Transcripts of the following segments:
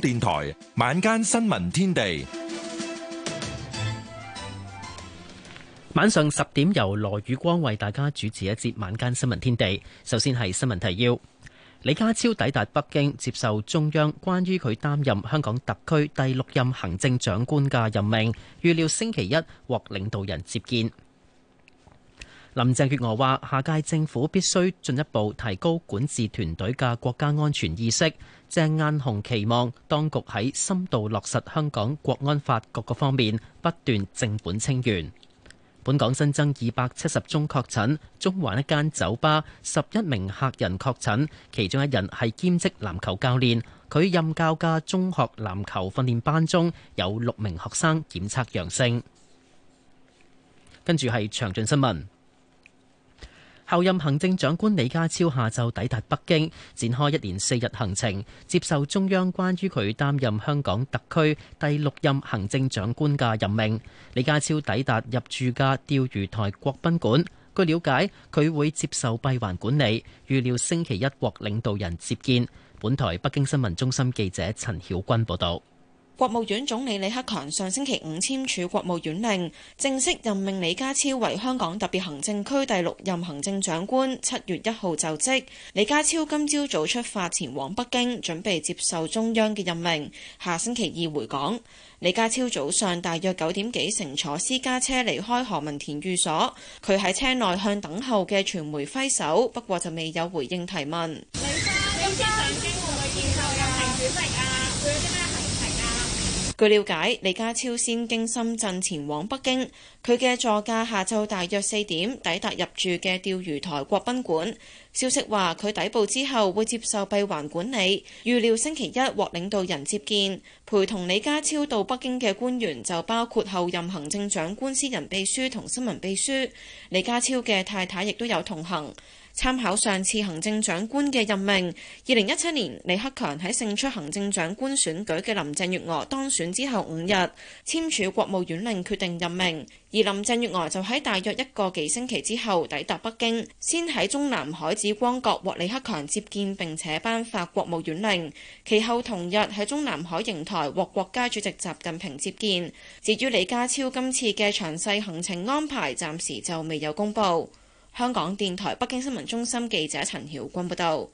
電台晚間新聞天地，晚上十點由羅宇光為大家主持一節晚間新聞天地。首先係新聞提要：李家超抵達北京接受中央關於佢擔任香港特區第六任行政長官嘅任命，預料星期一獲領導人接見。林鄭月娥話：下屆政府必須進一步提高管治團隊嘅國家安全意識。鄭雁雄期望當局喺深度落實香港國安法各個方面，不斷正本清源。本港新增二百七十宗確診，中環一間酒吧十一名客人確診，其中一人係兼職籃球教練。佢任教嘅中學籃球訓練班中有六名學生檢測陽性。跟住係詳盡新聞。候任行政長官李家超下晝抵達北京，展開一連四日行程，接受中央關於佢擔任香港特區第六任行政長官嘅任命。李家超抵達入住家釣魚台國賓館。據了解，佢會接受閉環管理，預料星期一獲領導人接見。本台北京新聞中心記者陳曉君報道。國務院總理李克強上星期五簽署國務院令，正式任命李家超為香港特別行政區第六任行政長官，七月一號就職。李家超今朝早，早出發前往北京，準備接受中央嘅任命，下星期二回港。李家超早上大約九點幾乘坐私家車離開何文田寓所，佢喺車內向等候嘅傳媒揮手，不過就未有回應提問。李生，你知上京會唔會接受任前主席啊？據了解，李家超先經深圳前往北京，佢嘅座駕下晝大約四點抵達入住嘅釣魚台國賓館。消息話佢抵埗之後會接受閉環管理，預料星期一獲領導人接見。陪同李家超到北京嘅官員就包括後任行政長官私人秘書同新聞秘書，李家超嘅太太亦都有同行。參考上次行政長官嘅任命，二零一七年李克強喺勝出行政長官選舉嘅林鄭月娥當選之後五日簽署國務院令決定任命，而林鄭月娥就喺大約一個幾星期之後抵達北京，先喺中南海紫光閣獲李克強接見，並且頒發國務院令，其後同日喺中南海瀛台獲國家主席習近平接見。至於李家超今次嘅詳細行程安排，暫時就未有公布。香港電台北京新聞中心記者陳曉君報道，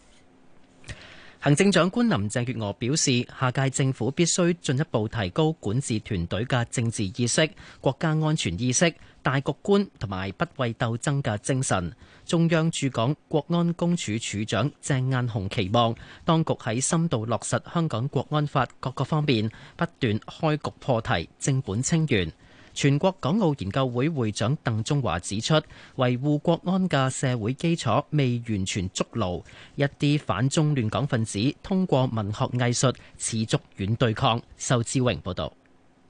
行政長官林鄭月娥表示，下屆政府必須進一步提高管治團隊嘅政治意識、國家安全意識、大局觀同埋不畏鬥爭嘅精神。中央駐港國安公署署長鄭雁雄期望當局喺深度落實香港國安法各個方面，不斷開局破題、正本清源。全國港澳研究會會長鄧中華指出，維護國安嘅社會基礎未完全築牢，一啲反中亂港分子通過文學藝術持續遠對抗。受志榮報導。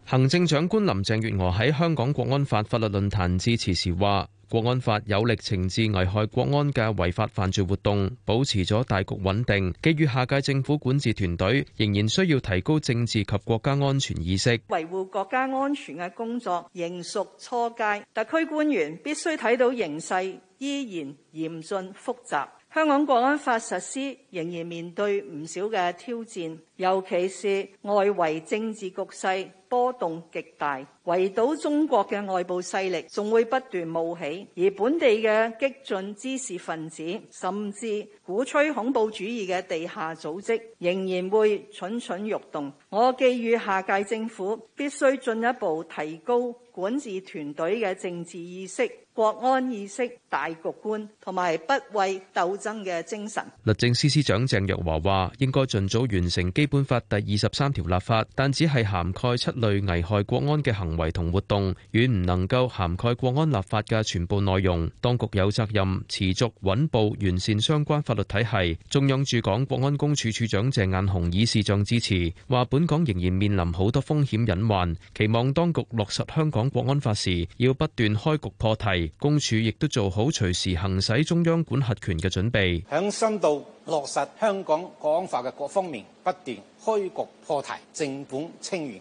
行政長官林鄭月娥喺香港國安法法律論壇致辭時話。國安法有力懲治危害國安嘅違法犯罪活動，保持咗大局穩定。基於下屆政府管治團隊，仍然需要提高政治及國家安全意識，維護國家安全嘅工作仍屬初階。特區官員必須睇到形勢依然嚴峻複雜。香港國安法實施仍然面對唔少嘅挑戰，尤其是外圍政治局勢波動極大，圍堵中國嘅外部勢力仲會不斷冒起，而本地嘅激進知識分子甚至鼓吹恐怖主義嘅地下組織仍然會蠢蠢欲動。我寄語下屆政府必須進一步提高管治團隊嘅政治意識、國安意識、大局觀同埋不畏鬥爭嘅精神。律政司司長鄭若驊話：應該盡早完成《基本法》第二十三條立法，但只係涵蓋七類危害國安嘅行為同活動，遠唔能夠涵蓋國安立法嘅全部內容。當局有責任持續穩步完善相關法律體系。中央駐港國安公署署長鄭雁雄以視像支持，話：本港仍然面臨好多風險隱患，期望當局落實香港國安法時，要不斷開局破題。公署亦都做好。有隨時行使中央管轄權嘅準備，響深度落實香港國安法嘅各方面不斷開局破題，正本清源。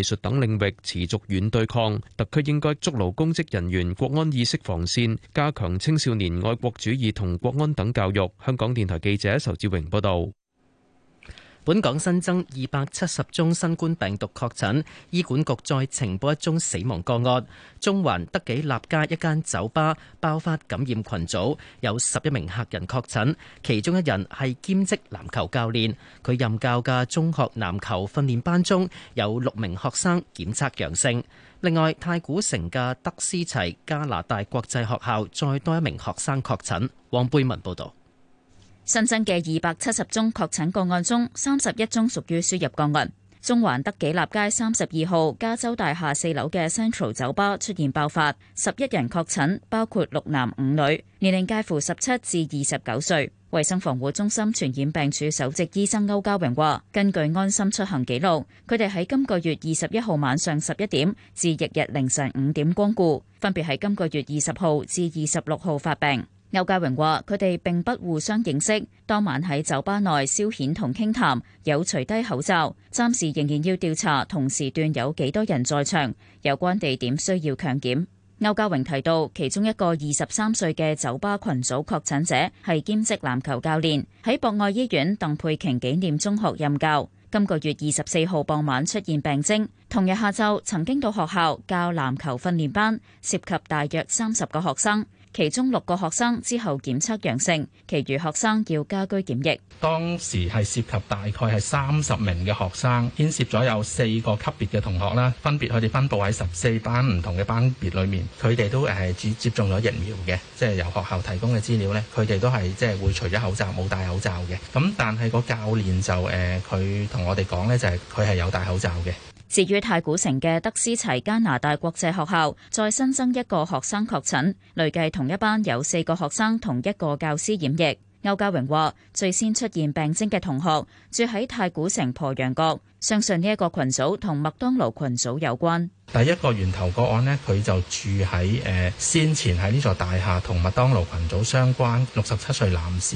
技術等領域持續軟對抗，特區應該築牢公職人員國安意識防線，加強青少年愛國主義同國安等教育。香港電台記者仇志榮報道。本港新增二百七十宗新冠病毒確診，醫管局再呈報一宗死亡個案。中環德己立街一間酒吧爆發感染群組，有十一名客人確診，其中一人係兼職籃球教練，佢任教嘅中學籃球訓練班中有六名學生檢測陽性。另外，太古城嘅德思齊加拿大國際學校再多一名學生確診，黃貝文報道。新增嘅二百七十宗確診個案中，三十一宗屬於輸入個案。中環德己立街三十二號加州大廈四樓嘅 Central 酒吧出現爆發，十一人確診，包括六男五女，年齡介乎十七至二十九歲。衛生防護中心傳染病處首席醫生歐家榮話：根據安心出行記錄，佢哋喺今個月二十一號晚上十一點至翌日凌晨五點光顧，分別喺今個月二十號至二十六號發病。歐家榮話：佢哋並不互相認識，當晚喺酒吧內消遣同傾談，有除低口罩。暫時仍然要調查同時段有幾多人在場，有關地點需要強檢。歐家榮提到，其中一個二十三歲嘅酒吧群組確診者係兼職籃球教練，喺博愛醫院鄧佩瓊紀念中學任教。今個月二十四號傍晚出現病徵，同日下晝曾經到學校教籃球訓練班，涉及大約三十個學生。其中六個學生之後檢測陽性，其餘學生要家居檢疫。當時係涉及大概係三十名嘅學生，牽涉咗有四個級別嘅同學啦，分別佢哋分佈喺十四班唔同嘅班別裡面。佢哋都誒接接種咗疫苗嘅，即係由學校提供嘅資料呢，佢哋都係即係會除咗口罩冇戴口罩嘅。咁但係個教練就誒，佢同我哋講呢，就係佢係有戴口罩嘅。至於太古城嘅德思齊加拿大國際學校，再新增一個學生確診，累計同一班有四個學生同一個教師染疫。歐家榮話，最先出現病徵嘅同學住喺太古城鄱陽閣。相信呢一個群組同麥當勞群組有關。第一個源頭個案咧，佢就住喺誒先前喺呢座大廈同麥當勞群組相關六十七歲男士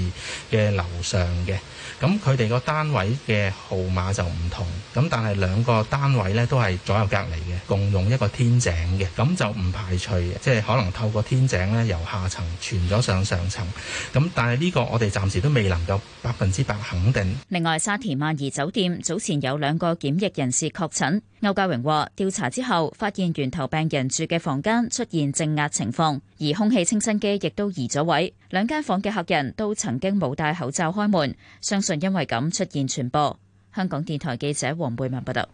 嘅樓上嘅。咁佢哋個單位嘅號碼就唔同，咁但係兩個單位咧都係左右隔離嘅，共用一個天井嘅。咁就唔排除即係可能透過天井咧由下層傳咗上上層，咁但係呢個我哋暫時都未能夠百分之百肯定。另外沙田萬怡酒店早前有兩個檢疫人士確診，歐家榮話調查之後發現源頭病人住嘅房間出現正壓情況，而空氣清新機亦都移咗位。兩間房嘅客人都曾經冇戴口罩開門，相信因為咁出現傳播。香港電台記者黃貝文報道。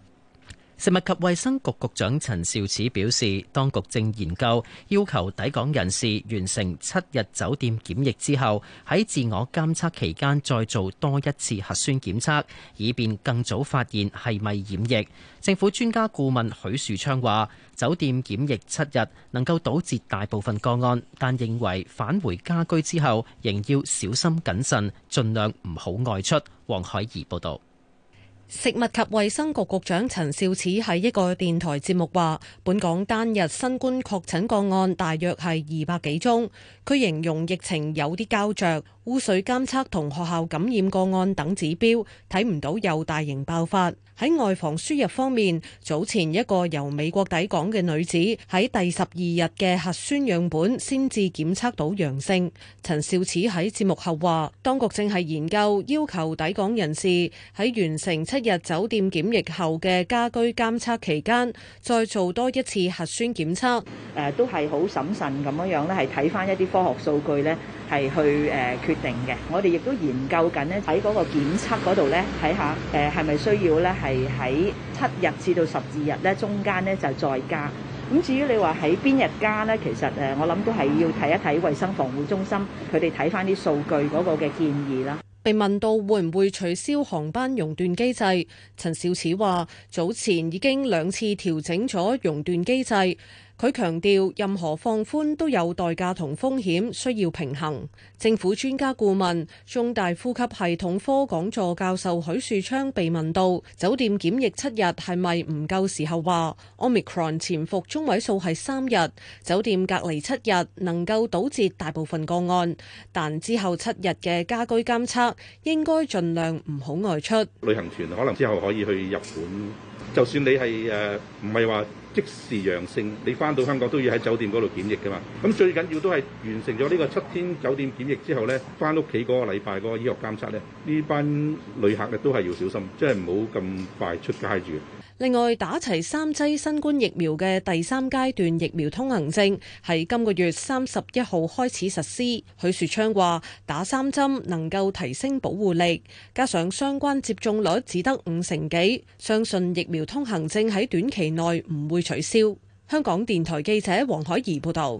食物及衛生局局長陳肇始表示，當局正研究要求抵港人士完成七日酒店檢疫之後，喺自我監測期間再做多一次核酸檢測，以便更早發現係咪染疫。政府專家顧問許樹昌話：酒店檢疫七日能夠堵截大部分個案，但認為返回家居之後，仍要小心謹慎，盡量唔好外出。黃海怡報導。食物及衛生局局長陳肇始喺一個電台節目話：本港單日新冠確診個案大約係二百幾宗，佢形容疫情有啲膠着。污水監測同學校感染個案等指標睇唔到有大型爆發。喺外防輸入方面，早前一個由美國抵港嘅女子喺第十二日嘅核酸樣本先至檢測到陽性。陳肇始喺節目後話，當局正係研究要求抵港人士喺完成七日酒店檢疫後嘅家居監測期間，再做多一次核酸檢測。都係好審慎咁樣咧，係睇返一啲科學數據呢係去誒，決定嘅，我哋亦都研究緊咧喺嗰個檢測嗰度呢，睇下誒係咪需要呢，係喺七日至到十二日呢，中間呢就再加。咁至於你話喺邊日加呢？其實誒我諗都係要睇一睇衞生防護中心佢哋睇翻啲數據嗰個嘅建議啦。被問到會唔會取消航班熔斷機制，陳肇始話早前已經兩次調整咗熔斷機制。佢強調，任何放寬都有代價同風險，需要平衡。政府專家顧問、中大呼吸系統科講座教授許樹昌被問到酒店檢疫七日係咪唔夠時候話？話 Omicron 潛伏中位數係三日，酒店隔離七日能夠堵截大部分個案，但之後七日嘅家居監測應該盡量唔好外出。旅行團可能之後可以去日本，就算你係誒唔係話。呃即時陽性，你翻到香港都要喺酒店嗰度檢疫噶嘛。咁最緊要都係完成咗呢個七天酒店檢疫之後咧，翻屋企嗰個禮拜個醫學監測咧，呢班旅客咧都係要小心，即係唔好咁快出街住。另外，打齊三劑新冠疫苗嘅第三階段疫苗通行證，喺今個月三十一號開始實施。許樹昌話，打三針能夠提升保護力，加上相關接種率只得五成幾，相信疫苗通行證喺短期內唔會取消。香港電台記者黃海怡報道。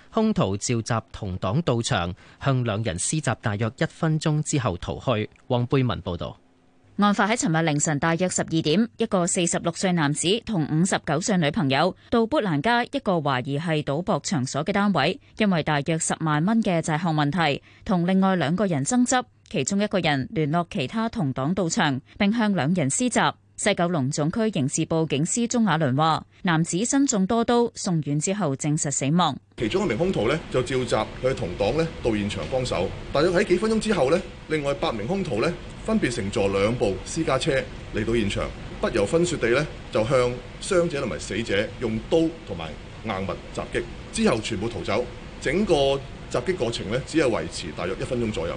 兇徒召集同黨到場，向兩人施襲，大約一分鐘之後逃去。黃貝文報道。案發喺尋日凌晨大約十二點，一個四十六歲男子同五十九歲女朋友到砵蘭街一個懷疑係賭博場所嘅單位，因為大約十萬蚊嘅債項問題，同另外兩個人爭執，其中一個人聯絡其他同黨到場，並向兩人施襲。西九龍總區刑事部警司鍾亞倫話，男子身中多刀，送院之後證實死亡。其中一名凶徒呢，就召集佢同黨呢到現場幫手，大約喺幾分鐘之後呢，另外八名凶徒呢，分別乘坐兩部私家車嚟到現場，不由分說地呢，就向傷者同埋死者用刀同埋硬物襲擊，之後全部逃走。整個襲擊過程呢，只係維持大約一分鐘左右。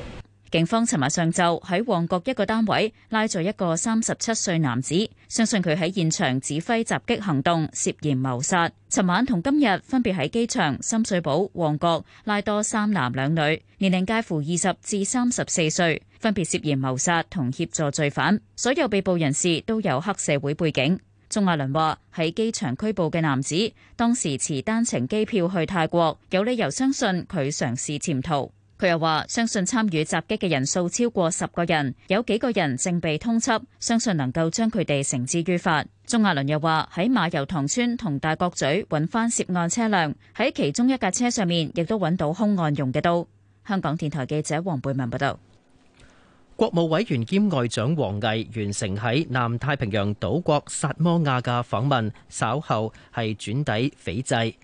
警方尋日上晝喺旺角一個單位拉咗一個三十七歲男子，相信佢喺現場指揮襲擊行動，涉嫌謀殺。尋晚同今日分別喺機場、深水埗、旺角拉多三男兩女，年齡介乎二十至三十四歲，分別涉嫌謀殺同協助罪犯。所有被捕人士都有黑社會背景。鍾亞倫話：喺機場拘捕嘅男子當時持單程機票去泰國，有理由相信佢嘗試潛逃。佢又話：相信參與襲擊嘅人數超過十個人，有幾個人正被通緝，相信能夠將佢哋繩之於法。鐘亞倫又話：喺馬油塘村同大角咀揾翻涉案車輛，喺其中一架車上面亦都揾到兇案用嘅刀。香港電台記者黃貝文報道。國務委員兼外長王毅完成喺南太平洋島國薩摩亞嘅訪問，稍後係轉抵斐濟。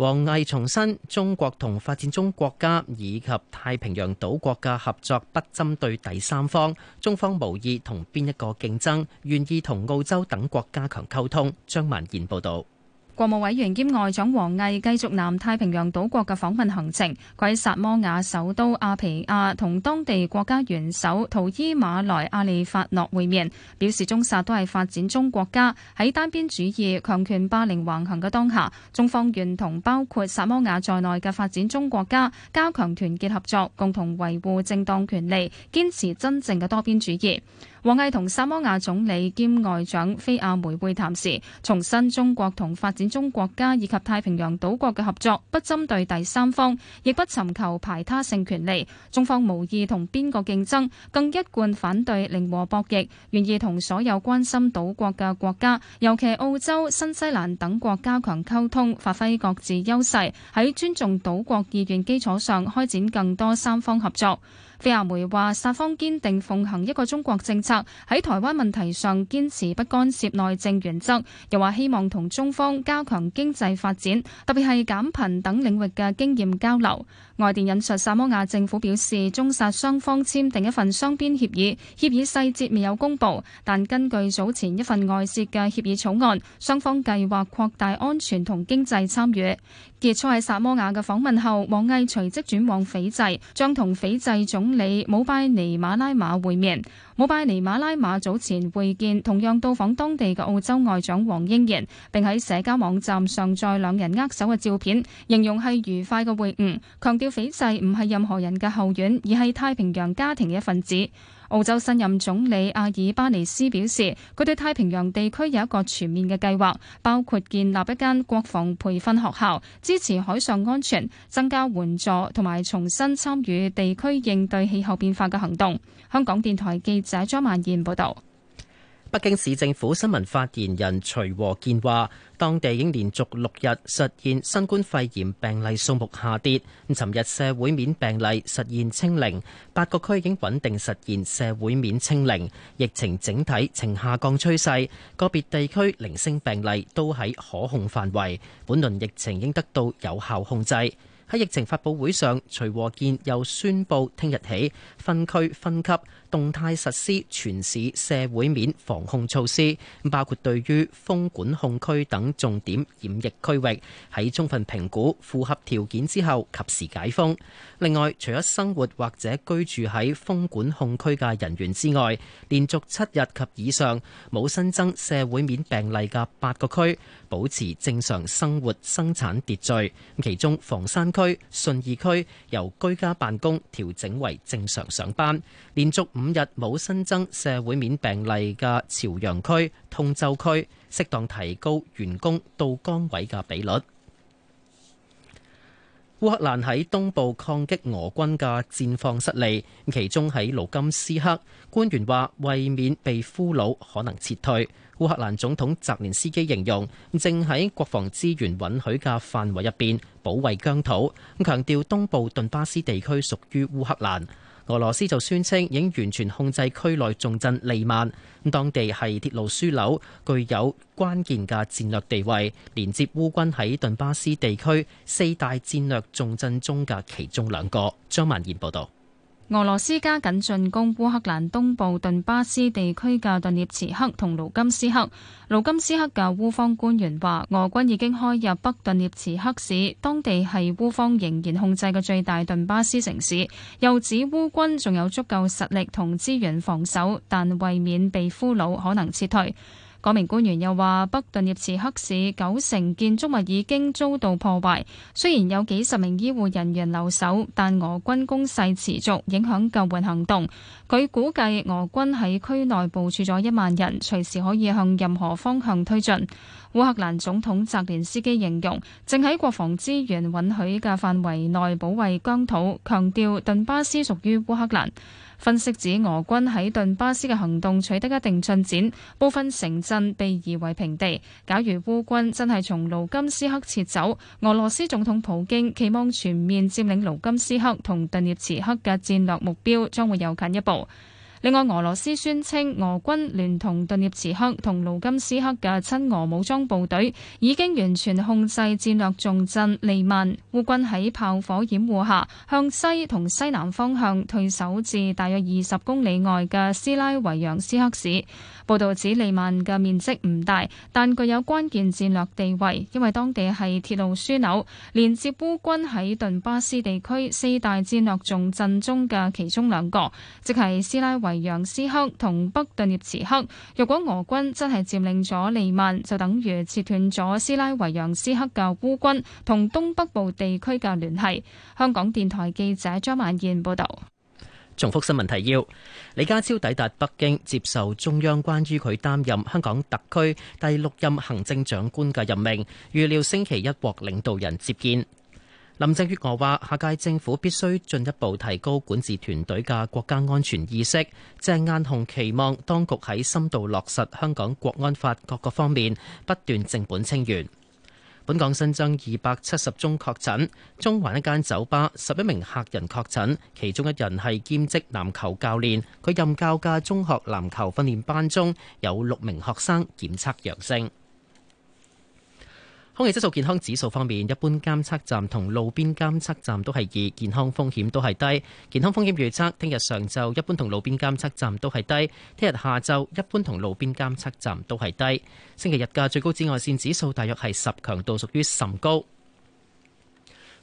王毅重申，中國同發展中國家以及太平洋島國嘅合作不針對第三方，中方無意同邊一個競爭，願意同澳洲等國加強溝通。張曼燕報道。國務委員兼外長王毅繼續南太平洋島國嘅訪問行程，佢喺薩摩亞首都阿皮亞同當地國家元首圖伊馬萊阿利法諾會面，表示中薩都係發展中國家，喺單邊主義、強權霸凌橫行嘅當下，中方願同包括薩摩亞在內嘅發展中國家加強團結合作，共同維護正當權利，堅持真正嘅多邊主義。王毅同薩摩亞總理兼外長菲亞梅會談時，重申中國同發展中國家以及太平洋島國嘅合作不針對第三方，亦不尋求排他性權利。中方無意同邊個競爭，更一貫反對零和博弈，願意同所有關心島國嘅國家，尤其澳洲、新西蘭等國加強溝通，發揮各自優勢，喺尊重島國意願基礎上，開展更多三方合作。菲亞梅話，薩方堅定奉行一個中國政策，喺台灣問題上堅持不干涉內政原則，又話希望同中方加強經濟發展，特別係減貧等領域嘅經驗交流。外電引述薩摩亞政府表示，中薩雙方簽訂一份雙邊協議，協議細節未有公佈，但根據早前一份外泄嘅協議草案，雙方計劃擴大安全同經濟參與。結束喺薩摩亞嘅訪問後，王毅隨即轉往斐濟，將同斐濟總里姆拜尼馬拉馬會面，姆拜尼馬拉馬早前會見同樣到訪當地嘅澳洲外長黃英賢，並喺社交網站上載兩人握手嘅照片，形容係愉快嘅會晤，強調斐濟唔係任何人嘅後院，而係太平洋家庭嘅一份子。澳洲新任總理阿爾巴尼斯表示，佢對太平洋地區有一個全面嘅計劃，包括建立一間國防培訓學校，支持海上安全，增加援助同埋重新參與地區應對氣候變化嘅行動，香港電台記者張曼燕報道。北京市政府新聞發言人徐和建話，當地已經連續六日實現新冠肺炎病例數目下跌。尋日社會面病例實現清零，八個區已經穩定實現社會面清零，疫情整體呈下降趨勢，個別地區零星病例都喺可控範圍，本輪疫情應得到有效控制。喺疫情發布會上，徐和建又宣布，聽日起分區分級動態實施全市社會面防控措施，包括對於封管控區等重點染疫區域，喺充分評估符合條件之後及時解封。另外，除咗生活或者居住喺封管控區嘅人員之外，連續七日及以上冇新增社會面病例嘅八個區保持正常生活生產秩序。其中，房山區。區順義區由居家辦公調整為正常上班。連續五日冇新增社會面病例嘅朝陽區、通州區，適當提高員工到崗位嘅比率。烏克蘭喺東部抗擊俄軍嘅戰況失利，其中喺盧甘斯克，官員話為免被俘虜，可能撤退。烏克蘭總統澤連斯基形容，正喺國防資源允許嘅範圍入邊保衛疆土，咁強調東部頓巴斯地區屬於烏克蘭。俄羅斯就宣稱已經完全控制區內重鎮利曼，咁當地係鐵路樞紐，具有關鍵嘅戰略地位，連接烏軍喺頓巴斯地區四大戰略重鎮中嘅其中兩個。張曼燕報道。俄羅斯加緊進攻烏克蘭東部頓巴斯地區嘅頓涅茨克同盧甘斯克。盧甘斯克嘅烏方官員話，俄軍已經開入北頓涅茨克市，當地係烏方仍然控制嘅最大頓巴斯城市。又指烏軍仲有足夠實力同資源防守，但為免被俘虜，可能撤退。嗰名官員又話：北頓涅茨克市九成建築物已經遭到破壞，雖然有幾十名醫護人員留守，但俄軍攻勢持續影響救援行動。佢估計俄軍喺區內部署咗一萬人，隨時可以向任何方向推進。烏克蘭總統澤連斯基形容正喺國防資源允許嘅範圍內保衛疆土，強調頓巴斯屬於烏克蘭。分析指俄軍喺頓巴斯嘅行動取得一定進展，部分城鎮被夷為平地。假如烏軍真係從盧金斯克撤走，俄羅斯總統普京期望全面佔領盧金斯克同頓涅茨克嘅戰略目標將會又近一步。另外，俄羅斯宣稱俄軍聯同頓涅茨克同盧甘斯克嘅親俄武裝部隊已經完全控制戰略重鎮利曼。烏軍喺炮火掩護下向西同西南方向退守至大約二十公里外嘅斯拉維揚斯克市。報道指利曼嘅面積唔大，但具有關鍵戰略地位，因為當地係鐵路樞紐，連接烏軍喺頓巴斯地區四大戰略重鎮中嘅其中兩個，即係斯拉維維揚斯克同北頓涅茨克。若果俄軍真係佔領咗利曼，就等於切斷咗斯拉維揚斯克嘅烏軍同東北部地區嘅聯繫。香港電台記者張萬燕報道。重複新聞提要：李家超抵達北京，接受中央關於佢擔任香港特區第六任行政長官嘅任命，預料星期一獲領導人接見。林鄭月娥話：下屆政府必須進一步提高管治團隊嘅國家安全意識。鄭雁雄期望當局喺深度落實香港國安法各個方面，不斷正本清源。本港新增二百七十宗確診，中環一間酒吧十一名客人確診，其中一人係兼職籃球教練，佢任教嘅中學籃球訓練班中有六名學生檢測陽性。空氣質素健康指數方面，一般監測站同路邊監測站都係二，健康風險都係低。健康風險預測，聽日上晝一般同路邊監測站都係低，聽日下晝一般同路邊監測站都係低。星期日嘅最高紫外綫指數大約係十，強度屬於甚高。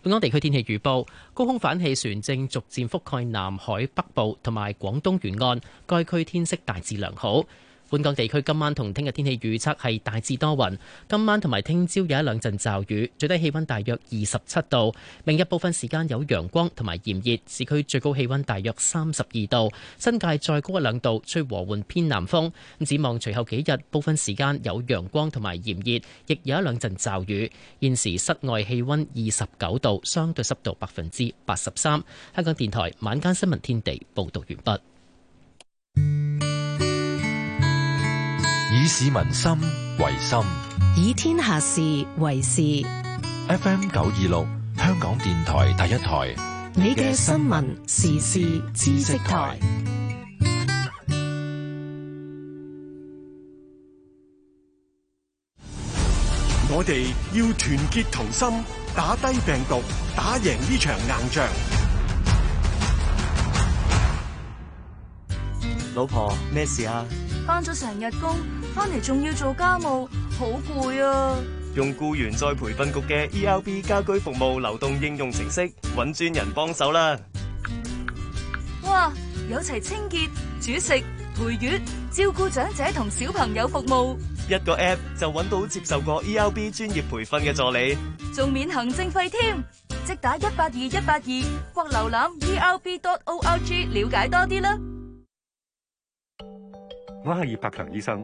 本港地區天氣預報，高空反氣旋正逐漸覆蓋南海北部同埋廣東沿岸，該區天色大致良好。本港地區今晚同聽日天氣預測係大致多雲，今晚同埋聽朝有一兩陣驟雨，最低氣溫大約二十七度。明日部分時間有陽光同埋炎熱，市區最高氣溫大約三十二度，新界再高一兩度，吹和緩偏南風。咁展望隨後幾日，部分時間有陽光同埋炎熱，亦有一兩陣驟雨。現時室外氣溫二十九度，相對濕度百分之八十三。香港電台晚間新聞天地報道完畢。以市民心為心，以天下事為事。FM 九二六，香港電台第一台，你嘅新聞時事知識台。我哋要團結同心，打低病毒，打贏呢場硬仗。老婆，咩事呀？翻咗成日工。翻嚟仲要做家務，好攰啊！用僱員再培訓局嘅 E R B 家居服務流動應用程式，搵專人幫手啦！哇，有齊清潔、煮食、陪月、照顧長者同小朋友服務，一個 App 就搵到接受過 E R B 專業培訓嘅助理，仲免行政費添！即打一八二一八二或瀏覽 E R B .org 了解多啲啦！我係葉百強醫生。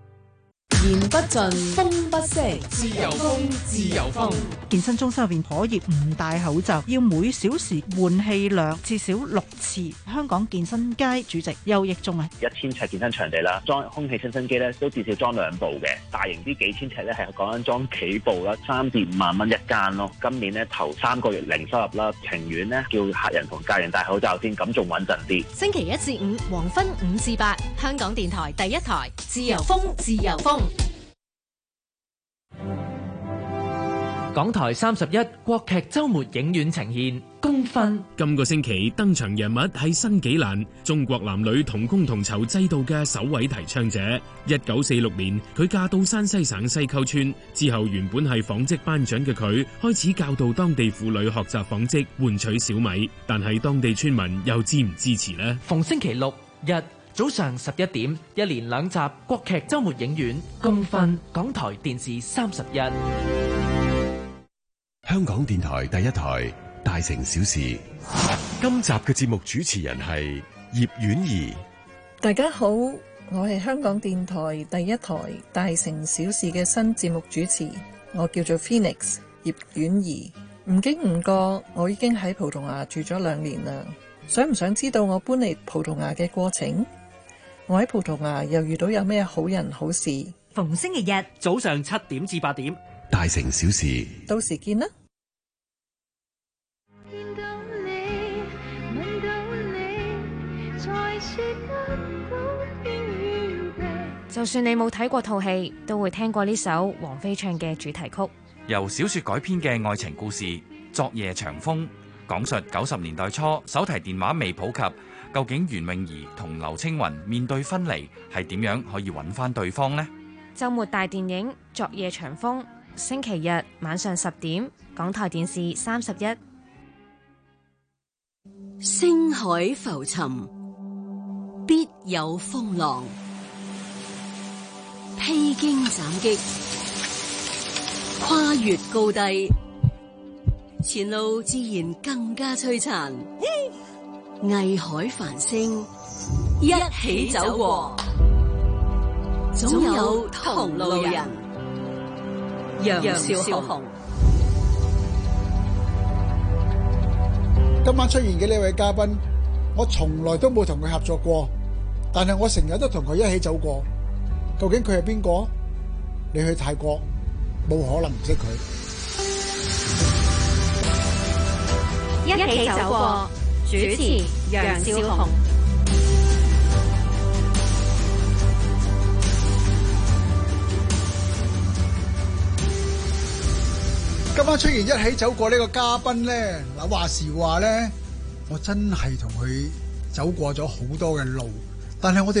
言不盡，風不息，自由風，自由風。健身中心入面可以唔戴口罩，要每小時換氣量至少六次。香港健身界主席邱益忠啊，一千尺健身場地啦，裝空氣清新機咧都至少裝兩部嘅，大型啲幾千尺咧係講緊裝幾部啦，三至五萬蚊一間咯。今年咧頭三個月零收入啦，情願呢叫客人同家人戴口罩先，咁仲穩陣啲。星期一至五黃昏五至八，香港電台第一台，自由風，自由風。港台三十一國劇周末影院呈現《工分》。今個星期登場人物係申紀蘭，中國男女同工同酬制度嘅首位提倡者。一九四六年，佢嫁到山西省西溝村之後，原本係紡織班長嘅佢，開始教導當地婦女學習紡織，換取小米。但係當地村民又支唔支持呢？逢星期六日。早上十一點，一連兩集國劇周末影院，共分,分港台電視三十一。香港電台第一台大城小事，今集嘅節目主持人係葉婉儀。大家好，我係香港電台第一台大城小事嘅新節目主持，我叫做 Phoenix 葉婉儀。唔經唔覺，我已經喺葡萄牙住咗兩年啦。想唔想知道我搬嚟葡萄牙嘅過程？我喺葡萄牙又遇到有咩好人好事？逢星期日早上七點至八點，大城小事，到時見啦。就算你冇睇過套戲，都會聽過呢首王菲唱嘅主題曲。由小說改編嘅愛情故事《昨夜長風》，講述九十年代初手提電話未普及。究竟袁詠儀同劉青雲面對分離係點樣可以揾翻對方呢？周末大電影《昨夜長風》，星期日晚上十點，港台電視三十一。星海浮沉，必有風浪。披荊斬棘，跨越高低，前路自然更加璀璨。藝海繁星，一起走過，總有同路人。楊少雄，今晚出現嘅呢位嘉賓，我從來都冇同佢合作過，但係我成日都同佢一起走過。究竟佢係邊個？你去泰國，冇可能唔識佢。一起走過。主持楊少雄，今晚出現一起走過呢個嘉賓咧，嗱話時話咧，我真係同佢走過咗好多嘅路，但係我哋。